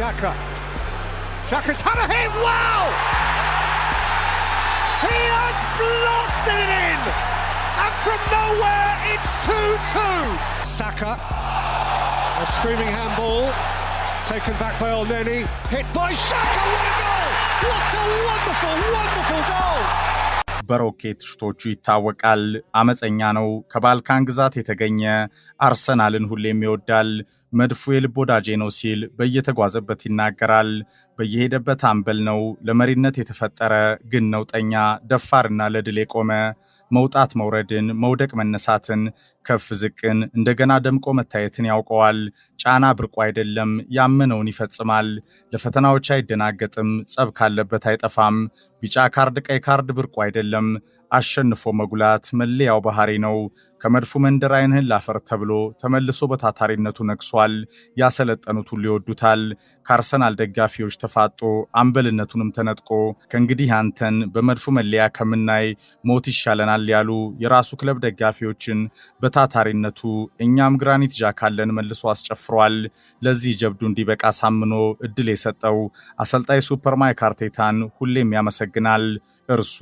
Xhaka. Xhaka's had a hit, wow! He has blasted it in! And from nowhere, it's 2-2. Saka, a screaming handball, taken back by Olneni, hit by Saka. what a goal! What a wonderful, wonderful goal! በሮኬት ሽቶቹ ይታወቃል። አመፀኛ ነው። ከባልካን ግዛት የተገኘ አርሰናልን ሁሌም ይወዳል። መድፉ የልብ ወዳጄ ነው ሲል በየተጓዘበት ይናገራል። በየሄደበት አምበል ነው። ለመሪነት የተፈጠረ ግን ነውጠኛ፣ ደፋርና ለድል የቆመ መውጣት መውረድን፣ መውደቅ መነሳትን፣ ከፍ ዝቅን፣ እንደገና ደምቆ መታየትን ያውቀዋል። ጫና ብርቁ አይደለም፣ ያመነውን ይፈጽማል። ለፈተናዎች አይደናገጥም፣ ጸብ ካለበት አይጠፋም። ቢጫ ካርድ፣ ቀይ ካርድ ብርቁ አይደለም። አሸንፎ መጉላት መለያው ባህሪ ነው። ከመድፉ መንደር አይንህን ላፈር ተብሎ ተመልሶ በታታሪነቱ ነግሷል። ያሰለጠኑት ሁሉ ይወዱታል። ከአርሰናል ደጋፊዎች ተፋጦ አምበልነቱንም ተነጥቆ ከእንግዲህ አንተን በመድፉ መለያ ከምናይ ሞት ይሻለናል ያሉ የራሱ ክለብ ደጋፊዎችን በታታሪነቱ እኛም ግራኒት ዣካለን መልሶ አስጨፍሯል። ለዚህ ጀብዱ እንዲበቃ ሳምኖ እድል የሰጠው አሰልጣኝ ሱፐር ማይክ አርቴታን ሁሌም ያመሰግናል። እርሱ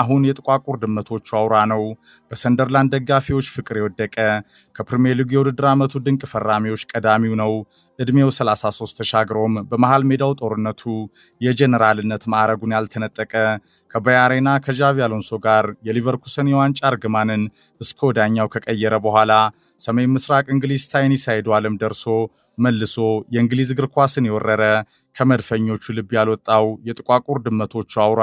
አሁን የጥቋቁር ድመቶቹ አውራ ነው። በሰንደርላንድ ደጋፊዎች ፍቅር የወደቀ ከፕሪሚየር ሊግ የውድድር ዓመቱ ድንቅ ፈራሚዎች ቀዳሚው ነው። ዕድሜው 33 ተሻግሮም በመሃል ሜዳው ጦርነቱ የጀኔራልነት ማዕረጉን ያልተነጠቀ ከባያሬና ከዣቪ አሎንሶ ጋር የሊቨርኩሰን የዋንጫ እርግማንን እስከ ወዳኛው ከቀየረ በኋላ ሰሜን ምስራቅ እንግሊዝ ታይኒ ሳይዱ ዓለም ደርሶ መልሶ የእንግሊዝ እግር ኳስን የወረረ ከመድፈኞቹ ልብ ያልወጣው የጥቋቁር ድመቶቹ አውራ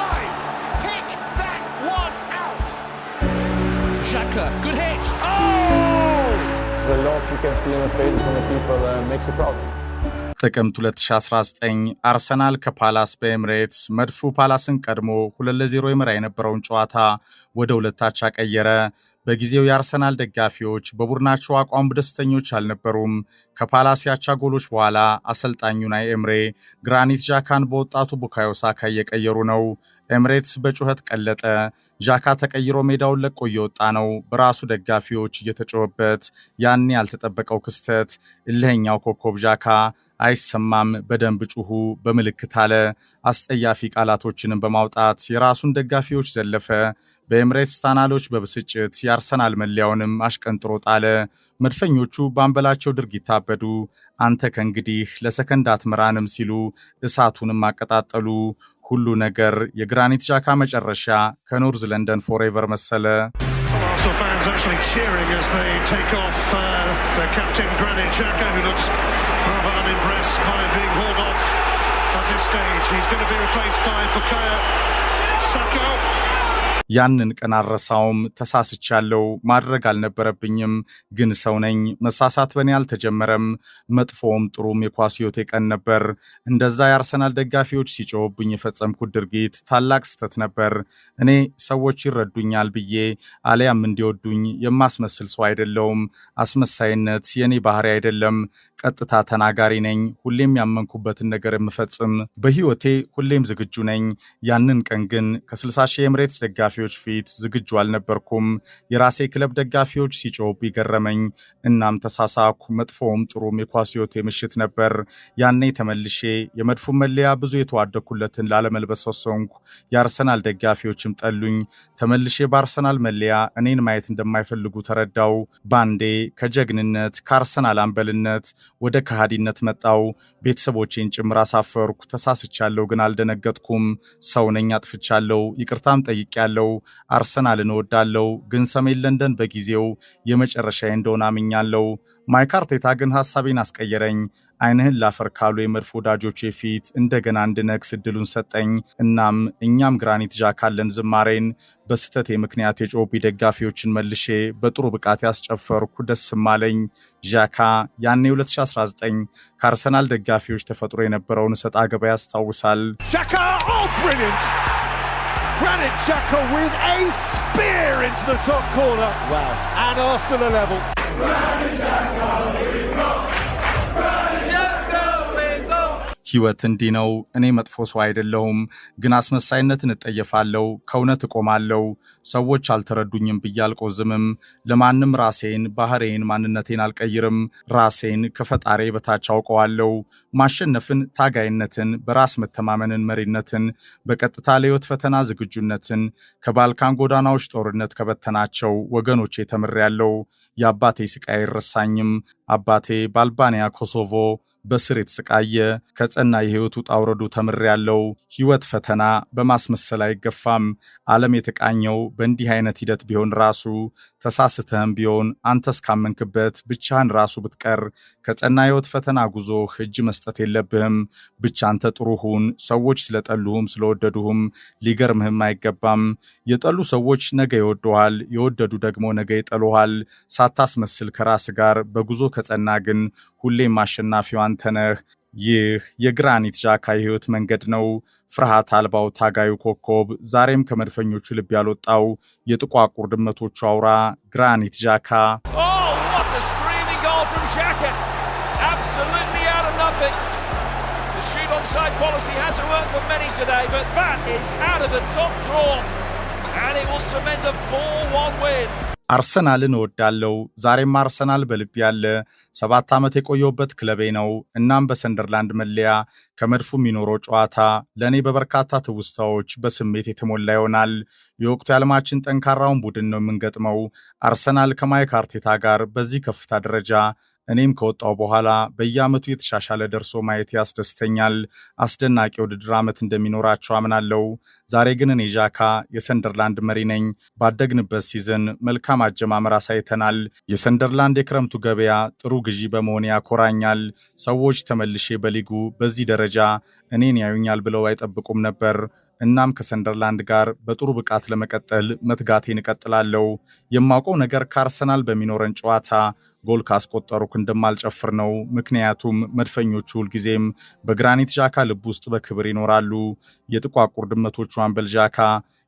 Walker, good hit. Oh! The love you can see in the faces of the people uh, makes you proud. ጥቅምት 2019 አርሰናል ከፓላስ በኤምሬትስ መድፉ ፓላስን ቀድሞ 2 ለ0 ይመራ የነበረውን ጨዋታ ወደ ሁለታቻ ቀየረ። በጊዜው የአርሰናል ደጋፊዎች በቡድናቸው አቋም ደስተኞች አልነበሩም። ከፓላስ ያቻ ጎሎች በኋላ አሰልጣኙ ኡናይ ኤምሬ ግራኒት ዣካን በወጣቱ ቡካዮ ሳካ እየቀየሩ ነው። ኤምሬትስ በጩኸት ቀለጠ። ዣካ ተቀይሮ ሜዳውን ለቆ እየወጣ ነው፣ በራሱ ደጋፊዎች እየተጮኸበት። ያኔ ያልተጠበቀው ክስተት። እልህኛው ኮከብ ዣካ አይሰማም፣ በደንብ ጩሁ በምልክት አለ። አስጸያፊ ቃላቶችንም በማውጣት የራሱን ደጋፊዎች ዘለፈ። በኤምሬትስ ታናሎች በብስጭት የአርሰናል መለያውንም አሽቀንጥሮ ጣለ። መድፈኞቹ በአንበላቸው ድርጊት ታበዱ። አንተ ከእንግዲህ ለሰከንድ አትምራንም ሲሉ እሳቱንም አቀጣጠሉ። fans are actually cheering as they take off uh, their captain looks rather unimpressed by being hauled off at this stage. He's going to be replaced by Bukayo Saka. ያንን ቀን አረሳውም። ተሳስቻለሁ፣ ማድረግ አልነበረብኝም፣ ግን ሰው ነኝ። መሳሳት በእኔ አልተጀመረም። መጥፎውም ጥሩም የኳስ ሕይወቴ ቀን ነበር። እንደዛ የአርሰናል ደጋፊዎች ሲጮብኝ የፈጸምኩት ድርጊት ታላቅ ስህተት ነበር። እኔ ሰዎች ይረዱኛል ብዬ አሊያም እንዲወዱኝ የማስመስል ሰው አይደለውም። አስመሳይነት የእኔ ባህሪ አይደለም። ቀጥታ ተናጋሪ ነኝ። ሁሌም ያመንኩበትን ነገር የምፈጽም፣ በሕይወቴ ሁሌም ዝግጁ ነኝ። ያንን ቀን ግን ከ60 ሺህ ኤምሬትስ ደጋፊ ደጋፊዎች ፊት ዝግጁ አልነበርኩም። የራሴ ክለብ ደጋፊዎች ሲጮው ይገረመኝ። እናም ተሳሳኩ። መጥፎውም ጥሩም የኳስ ምሽት ነበር። ያኔ ተመልሼ የመድፉን መለያ ብዙ የተዋደኩለትን ላለመልበስ ወሰንኩ። የአርሰናል ደጋፊዎችም ጠሉኝ። ተመልሼ በአርሰናል መለያ እኔን ማየት እንደማይፈልጉ ተረዳው። ባንዴ ከጀግንነት ከአርሰናል አንበልነት ወደ ከሃዲነት መጣው። ቤተሰቦቼን ጭምር አሳፈርኩ። ተሳስቻለሁ፣ ግን አልደነገጥኩም። ሰው ነኝ፣ አጥፍቻለሁ፣ ይቅርታም ጠይቄያለሁ። እወዳለሁ፣ አርሰናልን እወዳለሁ፣ ግን ሰሜን ለንደን በጊዜው የመጨረሻዬ እንደሆነ አምኛለው። ማይክ አርቴታ ግን ሐሳቤን አስቀየረኝ። አይንህን ላፈር ካሉ የመድፍ ወዳጆቼ ፊት እንደገና እንድነግስ እድሉን ሰጠኝ። እናም እኛም ግራኒት ዣካለን ዝማሬን በስህተቴ ምክንያት የጮቢ ደጋፊዎችን መልሼ በጥሩ ብቃት ያስጨፈርኩ ደስም አለኝ። ዣካ ያኔ 2019 ከአርሰናል ደጋፊዎች ተፈጥሮ የነበረውን እሰጥ አገባ ያስታውሳል። Granit Xhaka with a spear into the top corner. Wow. And Arsenal are level. ህይወት እንዲህ ነው። እኔ መጥፎ ሰው አይደለሁም፣ ግን አስመሳይነትን እጠየፋለሁ፣ ከእውነት እቆማለሁ፣ ሰዎች አልተረዱኝም ብዬ አልቆዝምም፣ ለማንም ራሴን፣ ባህሬን፣ ማንነቴን አልቀይርም። ራሴን ከፈጣሪ በታች አውቀዋለሁ። ማሸነፍን፣ ታጋይነትን፣ በራስ መተማመንን፣ መሪነትን፣ በቀጥታ ለህይወት ፈተና ዝግጁነትን ከባልካን ጎዳናዎች ጦርነት ከበተናቸው ወገኖቼ ተምሬያለሁ። የአባቴ ስቃይ አይረሳኝም። አባቴ በአልባንያ ኮሶቮ በስር የተሰቃየ ከጸና የህይወቱ ጣውረዱ ተምር ያለው ህይወት ፈተና በማስመሰል አይገፋም። ዓለም የተቃኘው በእንዲህ አይነት ሂደት ቢሆን ራሱ ተሳስተህም ቢሆን አንተ እስካመንክበት ብቻህን ራሱ ብትቀር ከጸና ህይወት ፈተና ጉዞ እጅ መስጠት የለብህም። ብቻ አንተ ጥሩ ሁን። ሰዎች ስለጠሉህም ስለወደዱህም ሊገርምህም አይገባም። የጠሉ ሰዎች ነገ ይወዱሃል፣ የወደዱ ደግሞ ነገ ይጠሉሃል። ሳታስመስል ከራስ ጋር በጉዞ ከጸና ግን ሁሌም አሸናፊው አንተነህ። ይህ የግራኒት ዣካ የህይወት መንገድ ነው። ፍርሃት አልባው ታጋዩ ኮከብ ዛሬም ከመድፈኞቹ ልብ ያልወጣው የጥቋቁር ድመቶቹ አውራ ግራኒት ዣካ። oh, And it will cement a 4-1 win. አርሰናልን እወዳለው። ዛሬም አርሰናል በልብ ያለ ሰባት ዓመት የቆየውበት ክለቤ ነው። እናም በሰንደርላንድ መለያ ከመድፉ የሚኖረው ጨዋታ ለእኔ በበርካታ ትውስታዎች በስሜት የተሞላ ይሆናል። የወቅቱ የዓለማችን ጠንካራውን ቡድን ነው የምንገጥመው። አርሰናል ከማይክ አርቴታ ጋር በዚህ ከፍታ ደረጃ እኔም ከወጣው በኋላ በየዓመቱ የተሻሻለ ደርሶ ማየት ያስደስተኛል። አስደናቂ ውድድር ዓመት እንደሚኖራቸው አምናለው። ዛሬ ግን እኔ ዣካ የሰንደርላንድ መሪ ነኝ። ባደግንበት ሲዝን መልካም አጀማመር አሳይተናል። የሰንደርላንድ የክረምቱ ገበያ ጥሩ ግዢ በመሆን ያኮራኛል። ሰዎች ተመልሼ በሊጉ በዚህ ደረጃ እኔን ያዩኛል ብለው አይጠብቁም ነበር። እናም ከሰንደርላንድ ጋር በጥሩ ብቃት ለመቀጠል መትጋቴን እቀጥላለሁ። የማውቀው ነገር ከአርሰናል በሚኖረን ጨዋታ ጎል ካስቆጠሩ እንደማልጨፍር ነው። ምክንያቱም መድፈኞቹ ሁልጊዜም በግራኒት ዣካ ልብ ውስጥ በክብር ይኖራሉ። የጥቋቁር ድመቶቹ አምበል ዣካ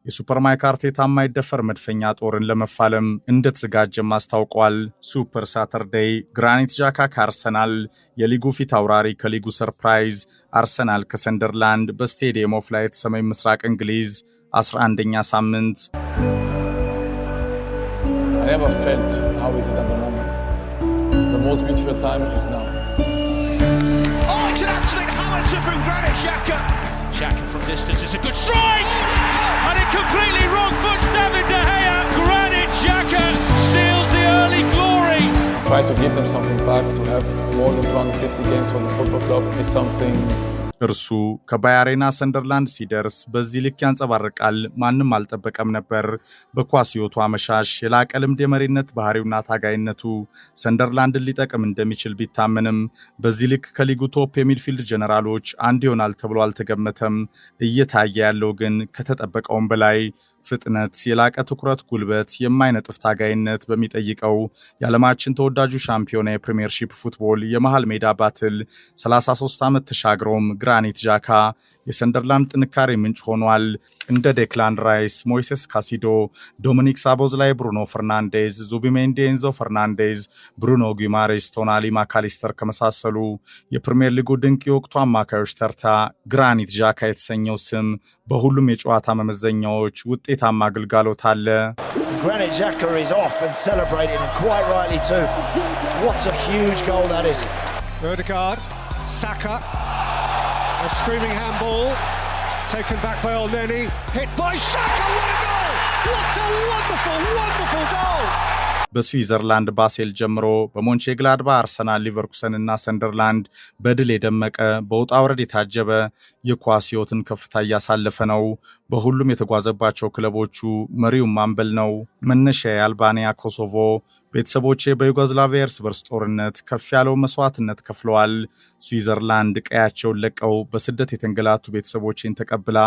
የሱፐር ማይክ አርቴታ የማይደፈር መድፈኛ ጦርን ለመፋለም እንደተዘጋጀም አስታውቋል። ሱፐር ሳተርዴይ ግራኒት ዣካ ከአርሰናል የሊጉ ፊት አውራሪ ከሊጉ ሰርፕራይዝ አርሰናል ከሰንደርላንድ በስቴዲየም ኦፍ ላይት ሰሜን ምስራቅ እንግሊዝ 11ኛ ሳምንት The most beautiful time is now. Oh, it's an absolute howitzer from Granit Xhaka. Xhaka from distance, is a good strike! And it completely wrong foots David De Gea. Granit Xhaka steals the early glory. Try to give them something back, to have more than 250 games for this football club is something እርሱ ከባያሬና ሰንደርላንድ ሲደርስ በዚህ ልክ ያንጸባርቃል፣ ማንም አልጠበቀም ነበር። በኳስ ሕይወቱ አመሻሽ የላቀ ልምድ የመሪነት ባህሪውና ታጋይነቱ ሰንደርላንድን ሊጠቅም እንደሚችል ቢታመንም በዚህ ልክ ከሊጉ ቶፕ የሚድፊልድ ጀነራሎች አንድ ይሆናል ተብሎ አልተገመተም። እየታየ ያለው ግን ከተጠበቀውም በላይ ፍጥነት፣ የላቀ ትኩረት፣ ጉልበት፣ የማይነጥፍ ታጋይነት በሚጠይቀው የዓለማችን ተወዳጁ ሻምፒዮና የፕሪምየርሺፕ ፉትቦል የመሃል ሜዳ ባትል 33 ዓመት ተሻግሮም ግራኒት ዣካ የሰንደርላንድ ጥንካሬ ምንጭ ሆኗል። እንደ ዴክላን ራይስ፣ ሞይሴስ ካሲዶ፣ ዶሚኒክ ሳቦዝ ላይ ብሩኖ ፈርናንዴዝ፣ ዙቢሜንዲ፣ ኤንዞ ፈርናንዴዝ፣ ብሩኖ ጊማሬስ፣ ቶናሊ፣ ማካሊስተር ከመሳሰሉ የፕሪምየር ሊጉ ድንቅ የወቅቱ አማካዮች ተርታ ግራኒት ዣካ የተሰኘው ስም በሁሉም የጨዋታ መመዘኛዎች ውጤታማ አገልጋሎት አለ። A screaming handball taken back by Olneny, hit by Shaka, what a goal! What a wonderful, wonderful goal! በስዊዘርላንድ ባሴል ጀምሮ በሞንቼ ግላድባ አርሰናል፣ ሊቨርኩሰን እና ሰንደርላንድ በድል የደመቀ በውጣ ውረድ የታጀበ የኳስ ህይወትን ከፍታ እያሳለፈ ነው። በሁሉም የተጓዘባቸው ክለቦቹ መሪው ማንበል ነው። መነሻ የአልባንያ ኮሶቮ ቤተሰቦቼ በዩጎዝላቪያ እርስ በርስ ጦርነት ከፍ ያለው መስዋዕትነት ከፍለዋል። ስዊዘርላንድ ቀያቸውን ለቀው በስደት የተንገላቱ ቤተሰቦቼን ተቀብላ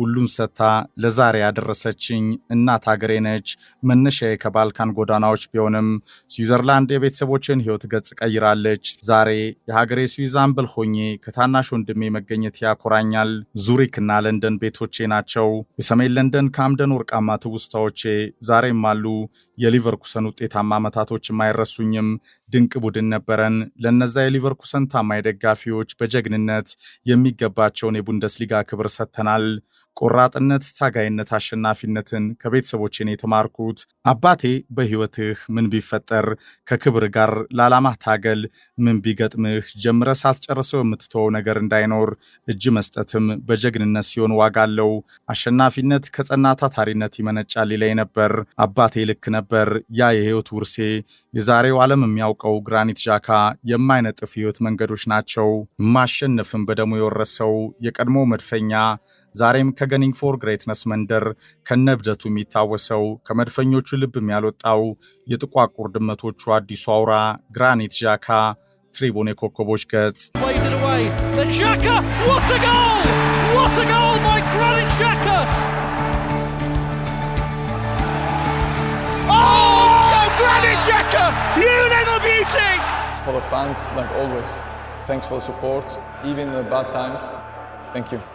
ሁሉን ሰታ ለዛሬ ያደረሰችኝ እናት ሀገሬ ነች። መነሻዬ ከባልካን ጎዳናዎች ቢሆንም ስዊዘርላንድ የቤተሰቦችን ሕይወት ገጽ ቀይራለች። ዛሬ የሀገሬ ስዊዝ አምበል ሆኜ ከታናሽ ወንድሜ መገኘት ያኮራኛል። ዙሪክና ለንደን ቤቶቼ ናቸው። የሰሜን ለንደን ከአምደን ወርቃማ ትውስታዎቼ ዛሬም አሉ። የሊቨርኩሰን ውጤታማ ዓመታቶችም አይረሱኝም። ድንቅ ቡድን ነበረን። ለነዛ የሊቨርኩሰን ታማኝ ደጋፊዎች በጀግንነት የሚገባቸውን የቡንደስሊጋ ክብር ሰጥተናል። ቆራጥነት፣ ታጋይነት፣ አሸናፊነትን ከቤተሰቦቼን የተማርኩት አባቴ በሕይወትህ ምን ቢፈጠር ከክብር ጋር ለዓላማ ታገል፣ ምን ቢገጥምህ ጀምረ ሳትጨርሰው የምትተወው ነገር እንዳይኖር፣ እጅ መስጠትም በጀግንነት ሲሆን ዋጋ አለው፣ አሸናፊነት ከጸና ታታሪነት ይመነጫል ይለኝ ነበር። አባቴ ልክ ነበር። ያ የሕይወት ውርሴ የዛሬው ዓለም የሚያው የምናውቀው ግራኒት ዣካ የማይነጥፍ ህይወት መንገዶች ናቸው። ማሸነፍን በደሙ የወረሰው የቀድሞ መድፈኛ ዛሬም ከገኒንግ ፎር ግሬትነስ መንደር ከነብደቱ የሚታወሰው ከመድፈኞቹ ልብ የሚያልወጣው የጥቋቁር ድመቶቹ አዲሱ አውራ ግራኒት ዣካ ትሪቡን የኮከቦች ገጽ oh, for the fans, like always. Thanks for the support, even in the bad times. Thank you.